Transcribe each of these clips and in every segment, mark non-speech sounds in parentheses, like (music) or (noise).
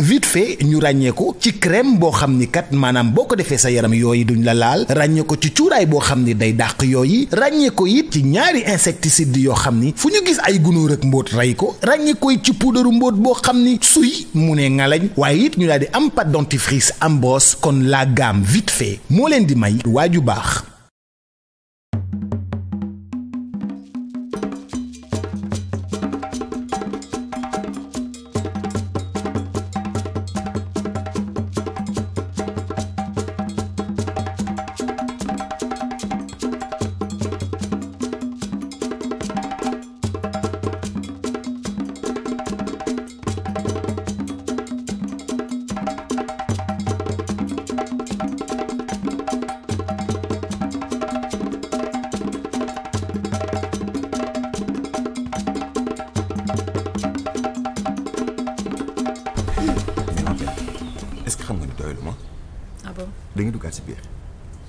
vite fait ñu ràññee ko ci crème boo xam ni kat maanaam boo ko defee sa yaram yooyu duñu la laal ràññee ko ci cuuraay boo xam ni day dàq yooyu ràññee ko it ci ñaari insecticide yoo xam ni fu ñu gis ay gunóor ak mbóot rey ko ràññee ko ci puudaru mbóot boo xam ni suy mu ne ngalañ waaye it ñu daal di am pâte dentifrice am kon laa gamme vite fait moo leen di may ju baax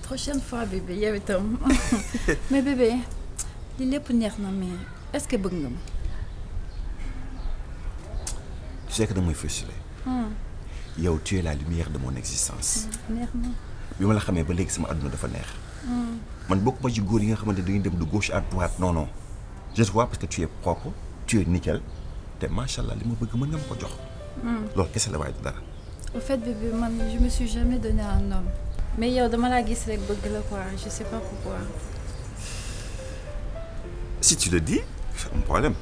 prochaine fois bébé y un homme. (laughs) mais bébé li est pour mais est-ce que bëgg tu sais que y a où tu es la lumière de mon existence. Hmm, neex na. bi ma la xamee ba léegi sama àdduna dafa neex. Hmm. man bokkuma ci góor yi nga xamante ne dañuy dem de gauche à droite non non je te vois parce que tu es propre tu es nickel te macha allah li ma bëgg mën nga ma ko jox. que hmm. tu la waaye dara. au fait bébé man je me suis jamais donné à un homme mais yow dama laa gis rek bëgg la quoi je sais pas pourquoi. si tu le dis c'est un problème.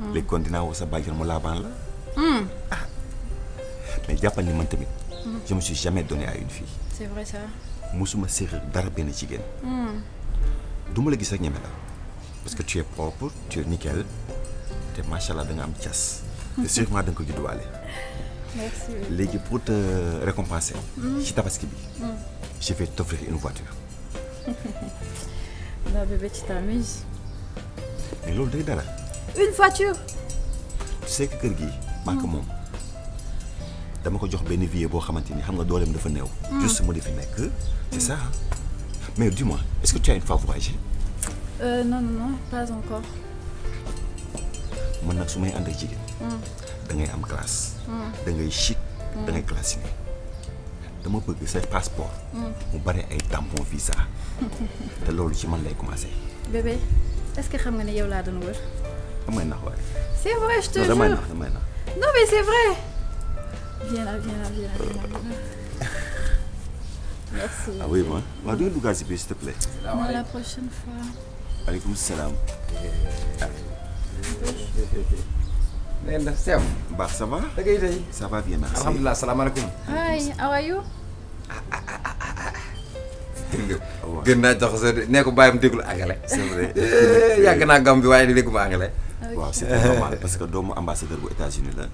Hmm. Les kon ça woo mon bàjjan là. ah mais jàppal ni man hmm. je me suis jamais donné à une fille. c'est vrai ça. musuma séeréer dara benn jigéen. Hmm. du ma la gis rek ñeme la parce que tu es propre tu es nickel Tu es allah da nga am cas. te (laughs) sûrement da je dois aller. merci léegi pour te récompenser. ci tabaski bi je vais t'offrir une voiture. non, (laughs) bébé, tu t'amuses. Mais l'autre est là. Une voiture Tu sais que kër ma maa ko hmm. moom dama ko jox benn pour boo xamante ni xam nga dooleem dafa néew. Hmm. juste mu di fi nekk. c'est hmm. ça hein? mais dis-moi est-ce que tu as une fois voyagé. Euh, non non non pas encore. Mon nag su may ànd da ngay am classe. da ngay chic da ngay classique dama que passeport. Hmm. un tampon visa. C'est ce que je bébé est-ce que tu que c'est vrai je te jure non mais c'est vrai. viens là viens là viens là euh. (laughs) merci. ah oui moi, bah, s'il te plaît. la prochaine fois. na ngeen baax Seydou. mbaa ça tey ça va bien merci. alhamdulilah salaamaaleykum. hi how are (laughs) gën naa jox sa nee ko bàyyam déglu angale. c'est vrai (laughs) yàgg naa gam bi waaye dégguma angale. waaw c'est normal (laughs) parce que doomu ambassadeur bu États-Unis la.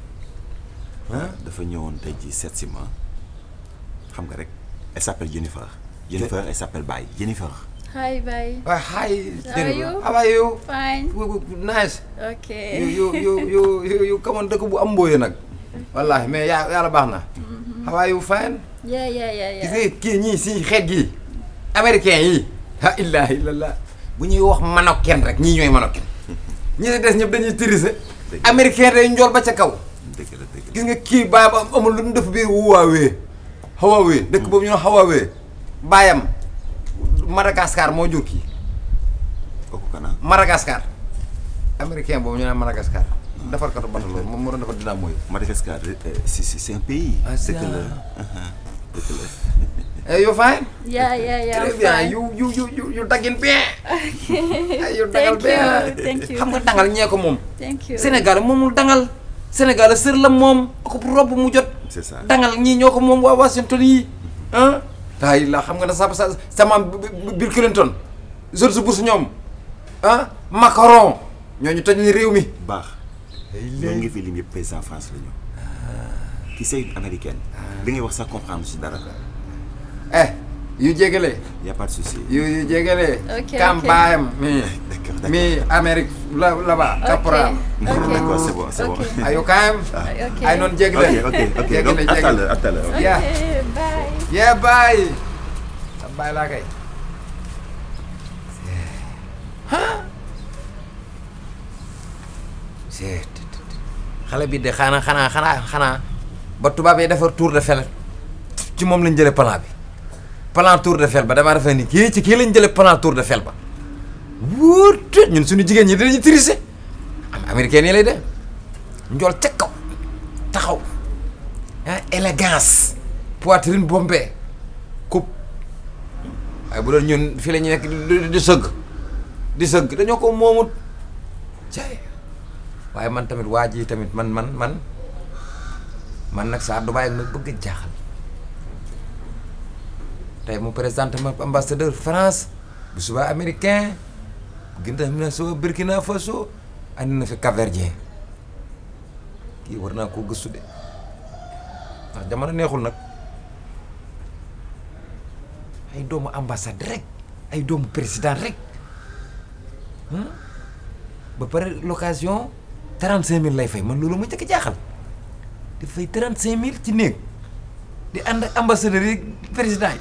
dafa ñëwoon tey jii seet ma xam nga rek. elle s'appelle Jennifer. Jennifer elle s'appelle Baye Jennifer. Hi, bye. Uh, hi. How are you? How are you? Fine. Nice. Okay. You you you you you, you come on dëkk bu ambo ya nak. Wallahi mais ya ya la mm-hmm. How are you fine? Yeah yeah yeah yeah. Ki nga si xet gi. Américain yi. Ha illa la. Bu ñuy wax manokken rek ñi ñoy manokken. Ñi ci dess ñep dañuy tirise. Américain day ñor ba ca kaw. Gis nga ki baay ba amul lu mu def Huawei. Huawei dëkk bu ñu Huawei. Bayam. Madagascar mo jur koku oh, kana. Ah. Madagascar. américain bo ñu na Madagascar. dafar bato loolu moom moo mo defar dynamo yi. Madagascar eh, eh, si si c'est un pays. c'est que Hey, you fine? Yeah, yeah, yeah. Très bien. You you you you you dagin bien. Okay. you thank bien. you, thank you. Xam nga dangal ñe ko mom. Thank you. Sénégal momul dangal. Sénégal sër la mom ko rob mu jot. C'est ça. Dangal ñi ñoko mom wa Washington yi. Hein? daay la xam nga ne sa sa sa maam Bill Clinton George Bush ñoom ah Macron ñooñu toj ni réew mi. baax ñoo ngi fi lim yëpp président France la ah. ki say américaine. Ah. li ngay wax sa comprendre si dara. eh yu jégale. a pas de souci. yu yu jégale. Kambaayam mi (laughs) mi Amérique. là, là-bas. ok Caporal. ok d'accord c'est bon c'est bon. ay noonu jéggi nañ. ok ok ok donc à tout à l'heure à tout à l'heure. ok xale bi de xanaa xanaa xanaa xanaa ba tubaab yi defar tour de fel ci moom lañ jëlee plan bi plan tour de fel ba damaa defe ni kii ci kii lañ jëlee plan tour de fel ba wóor. ñun suñu jigéen ñi dañuy triser am américain yi lay def njool ca kaw taxaw ah élégance poitrine bombée coupe waaye bu doon ñun fii la ñu nekk di sëgg di sëgg dañoo ko moomut waaye man tamit waa ji tamit man man man man nag saa Dubaay ma bëgg a jaaxal tey mu présenté ma ambassadeur France bu subaa américain Guinée-Bissau Burkina Faso andi na fi Cap-Verdien kii war naa koo gëstu de ndax jamono neexul nag ay doomu ambassade rek ay doomu président rek hmm? ba pare location trente cinq mille lay fay man loolu ma njëkk jaaxal di fay trente cinq mille ci néeg di ànd ak ambassadeurs yi président yi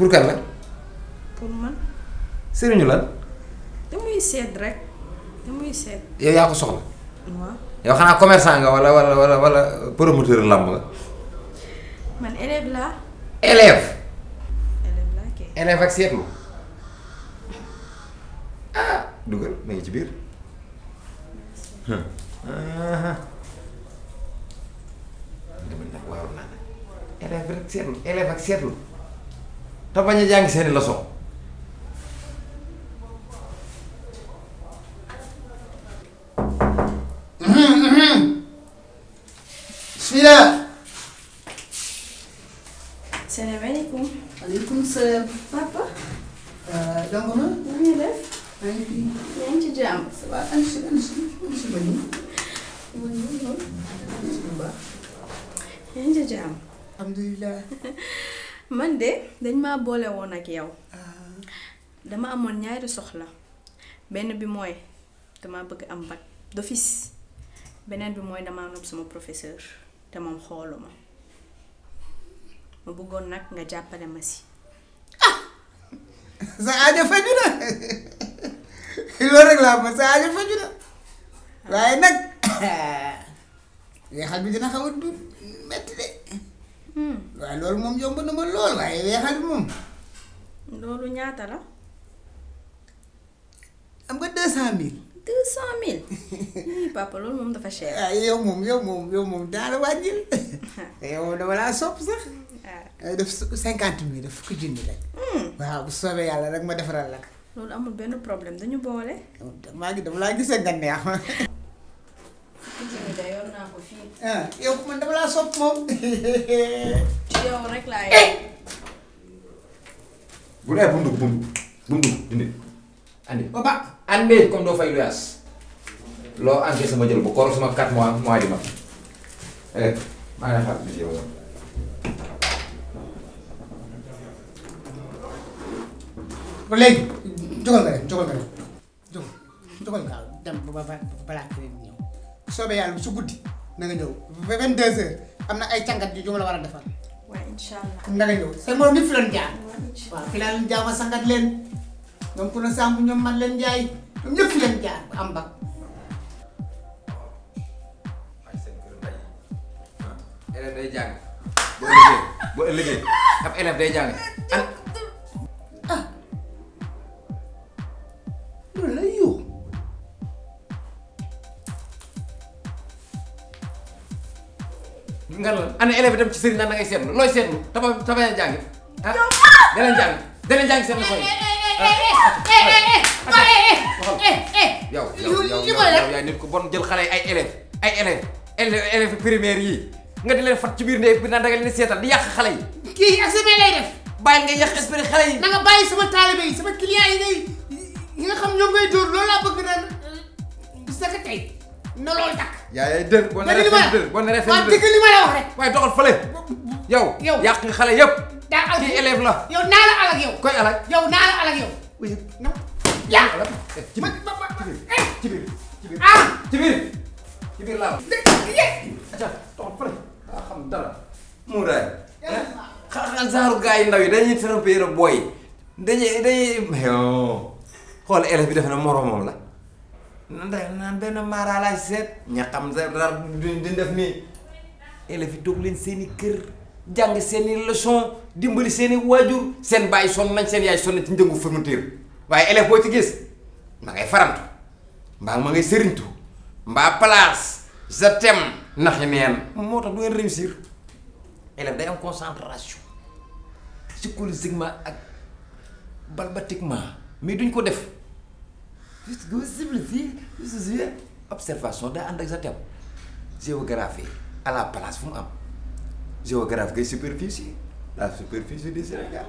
pour kan la. pour man. sëriñu lan. damay seet rek damay seet. yow yaa ko soxla. waaw xanaa commerçant nga wala wala wala wala promoteur lamb nga. man élève laa. élève. élève laa ak seetlu ah dugal ma ngi ci biir. Ah. dama te bañ a jàng seeni leçon bismillah salaamaaleykum waaleykum salaam papa danga na na nga def maa ngi fi yaa Sabah ci jàmm ça va an si an si an si bañu man ñu man de dañ maa boole woon ak yow ah. dama amoon ñaari soxla benn bi mooy dama bëgg am bac d'office beneen bi mooy dama nopp sama professeur te moom xooluma ma bëggoon nak nga jàppale ma si ah (laughs) sa aajo faju na (laughs) loolu rek laa ma sa aajo faju na waaye nag yeexal (coughs) bi dina xaw a du metti de hmm. waaw loolu moom yomb na ma lool waaye weexal moom. loolu ñaata la. am nga deux cent mille. deux cent mille. oui papa loolu moom dafa cher. ah yow moom yow moom daal wàññil. (laughs) yow dama laa sopp sax. waaw ah. def cinquante mille def fukki junni rek. Hmm. waaw bu soobee yàlla rek ma defaral la loolu amul benn problème dañu boole. maa ngi dama laa gisee nga neex (laughs) gisoon naa yow man dama laa sopp moom. ci rek laa yegg. bu dee bundu bundu bundu dindi. andi papa andi comme doo fay luyaas. loo enquête sama jël bu koor sama 4 mois mois di ma. eh maa ngi xaar bis yow léegi jógal nga dem jógal nga dem jógal jógal nga dem ba ba balaa soobee yàlla su guddi na nga ñëw ba 22h am na ay càngat yu ñu war a defa waaw incha allah na nga ñëw sa moom ni fi doon jaar. waaw fi laa sangat leen ñoom ku ne sàmm ñoom man leen jaay ñoom ñëpp fi leen jaar am ba. élève day jàng nga la ana élève dem ci sëriñ naan ta ba a da leen jàngi yow yow yow yaay nit ku xale ay élève ay élève élève yi nga di leen fat ci biir ndey bi da nga leen yàq xale yi kii examen lay def bàyyi nga yàq esprit xale yi na nga yi nga xam ñoom ngay dóor loolu laa bëgg naan sa ka tey na loolu takk. yaay dër boo naree seen dër boo naree seen dër li ma la wax rek. waaye doxal fële. yow yow yàq nga xale yëpp. daa aw kii élève la. yow naa la alak yow. koy alak yow naa la alak yow. oui non. yaa ci biir eh. ci biir ci biir ah ci biir ci biir laa doxal fële daa xam dara. mu raay. Eh? xaaral saaru gars yi ndaw yi dañuy tërëmpee rek booy yi dañuy dañuy. xool élève bi def na moromam la. nan day naan benn maara laay seet ña xam sa dara di def nii élèves yi toog leen seen kër jàng seeni i leçon dimbali seeni i waajur seen bàyyi son nañ seen yaay sonn ci njëngu fermeture waaye élève boo ci gis ma ngay farantu mbaa ma ngay sëriñtu mbaa place je t'aime moo tax du ngeen réussir élève day am concentration psychologiquement ak balbatiquement mais duñ ko def juste go simple fii juste si observation daa ànd ak géographie à la place vous am géographie kay superficie la superficie du Sénégal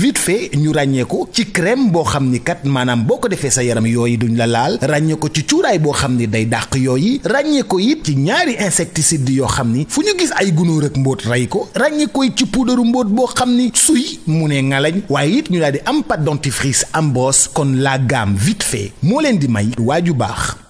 vite fait ñu ràññee ko ci crème boo xam ni kat maanaam boo ko defee sa yaram yooyu duñ la laal ràññee ko ci cuuraay boo xam ni day dàq yooyu ràññee ko it ci ñaari insecticide yoo xam ni fu ñu gis ay gunóor ak mbóot rey ko ràññee ko it ci puudaru mbóot boo xam ni suy mu ne ngalañ waaye it ñu daal di am pâte dentifrice ambos kon laa gamme vite fait moo leen di may waa ju baax